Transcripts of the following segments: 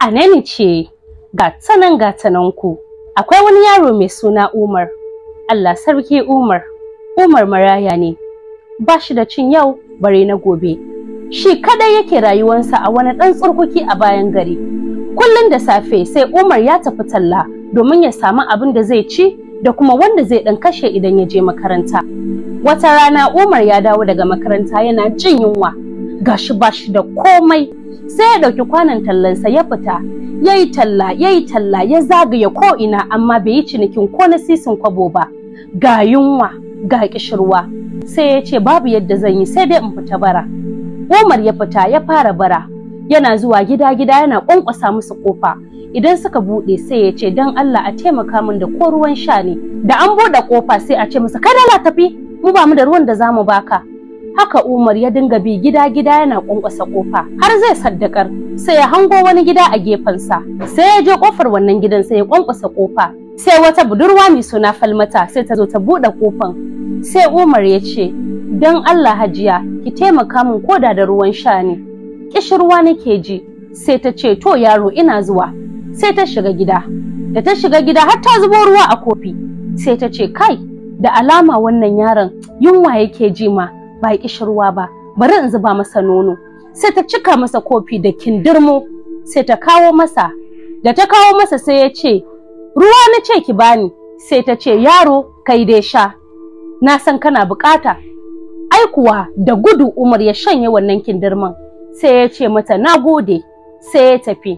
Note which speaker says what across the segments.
Speaker 1: Anani ce, ga tsanan ga ku akwai wani yaro mai suna Umar. Allah sarki Umar, Umar maraya ne, ba shi da cin yau bare na gobe. Shi kadai yake rayuwansa a wani ɗan tsurkuki a bayan gari. Kullum da safe sai Umar ya tafi talla domin ya samu abin da zai ci da kuma wanda zai ɗan kashe idan ya je makaranta. Wata rana Umar ya dawo daga makaranta yana jin yunwa, gashi ba shi da komai sai ya ɗauki tallan sa ya fita ya yi talla ya yi talla ya zagaya ko ina amma bai yi cinikin ko na sisin kwabo ba ga yunwa ga kishirwa sai ya ce babu yadda zan yi sai dai in fita bara Umar ya fita ya fara bara yana zuwa gida-gida yana ƙwanƙwasa musu ƙofa idan suka buɗe sai ya ce don Allah a taimaka min da ko ruwan sha ne da an buɗe ƙofa sai a ce musu kada la tafi mu ba mu da ruwan da zamu baka haka Umar ya dinga bi gida-gida yana ƙwanƙwasa ƙofa har zai saddakar sai ya hango wani gida a gefensa sai ya je ƙofar wannan gidan sai ya ƙwanƙwasa ƙofa sai wata budurwa mai suna falmata sai ta zo ta buɗe ƙofan sai Umar ya ce don Allah hajiya ki taimaka min koda da ruwan sha ne ƙishirwa nake ji sai ta ce to yaro ina zuwa sai ta shiga gida da ta shiga gida har ta zubo ruwa a kofi sai ta ce kai da alama wannan yaron yunwa yake ji ma ba kishirwa ba bari in zuba masa nono sai ta cika masa kofi da kindirmo sai ta kawo masa da ta kawo masa sai ya ce ruwa na ce ki bani sai ta ce yaro kai dai sha na san kana bukata ai kuwa da gudu umar ya shanye wannan kindirman sai ya ce mata na gode sai ya tafi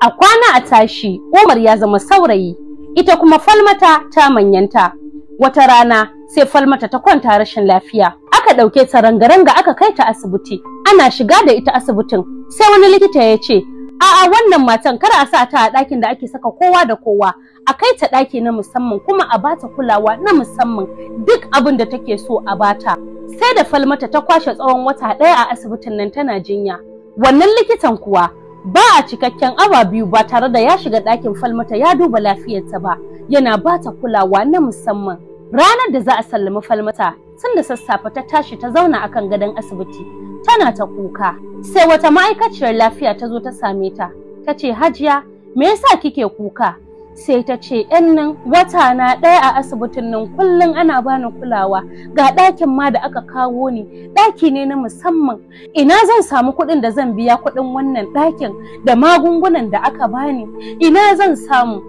Speaker 1: a kwana a tashi umar ya zama saurayi ita kuma falmata ta manyanta wata rana sai falmata ta kwanta rashin lafiya ɗauke ta ranga aka kai ta asibiti ana shiga da ita asibitin sai wani likita ya ce a'a wannan matan kar a sa ta a ɗakin da ake saka kowa da kowa a kai ta ɗaki na musamman kuma a bata kulawa na musamman duk abin da take so a bata sai da falmata ta kwashe tsawon wata ɗaya a asibitin nan tana jinya wannan likitan kuwa ba a cikakken awa biyu ba tare da ya shiga ɗakin falmata ya duba lafiyarta ba yana bata kulawa na musamman Ranar da za a sallami falmata tun da sassafe ta tashi ta zauna akan gadon asibiti tana ta kuka. Sai wata ma'aikaciyar lafiya ta zo ta same ta, ta ce hajiya me yasa kike kuka? Sai ta ce yan nan wata na ɗaya a asibitin nan kullum ana bani kulawa ga ɗakin ma da aka kawo ni ɗaki ne na musamman ina zan samu kuɗin da zan biya kuɗin wannan ɗakin da magungunan da aka bani ina zan samu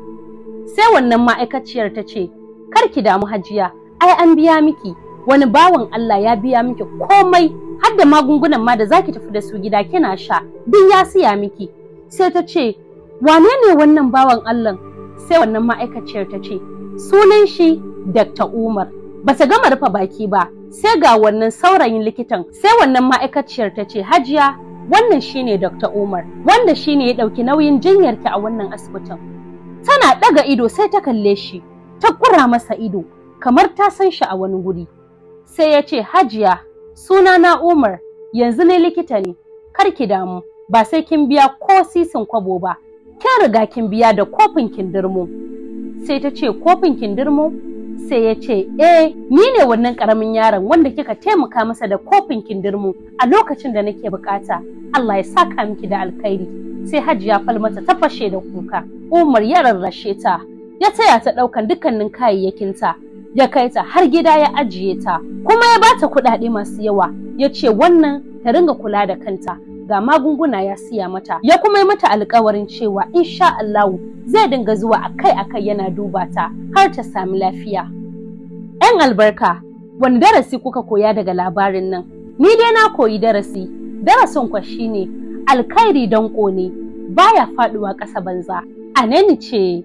Speaker 1: sai wannan ma'aikaciyar ta ce kar ki damu hajiya ai an biya miki wani bawan Allah ya biya miki komai har da magungunan ma da zaki tafi da su gida kina sha duk ya siya miki sai ta ce wane ne wannan bawan Allah sai wannan ma'aikaciyar ta ce sunan shi Dr. Umar ba ta gama rufe baki ba sai ga wannan saurayin likitan sai wannan ma'aikaciyar ta ce hajiya wannan shine Dr. Umar wanda shine ya dauki nauyin jinyarki a wannan asibitin tana daga ido sai ta kalle shi ƙura masa ido kamar ta san shi a wani guri. Sai ya ce hajiya suna na Umar yanzu ne likita ne kar ki damu ba sai kin biya ko sisin kwabo ba kin riga kin biya da kofin kindirmo. Sai ta ce kofin kindirmo sai ya ce eh ni ne wannan karamin yaron wanda kika taimaka masa da kofin kindirmo a lokacin da nake bukata Allah ya saka miki da alkhairi sai hajiya falmata ta fashe da kuka Umar ya rarrashe ta ya taya ta ɗaukan dukkanin kayayyakinta ya kai ta har gida ya ajiye ta kuma ya bata kuɗaɗe masu yawa ya ce wannan ta ringa kula da kanta ga magunguna ya siya mata ya kuma yi mata alkawarin cewa insha Allahu zai dinga zuwa akai-akai yana duba ta har ta sami lafiya. 'Yan albarka wani darasi kuka koya daga labarin nan ni dai na koyi darasi darasin kwa shine alkhairi don ƙone baya faɗuwa ƙasa banza a ce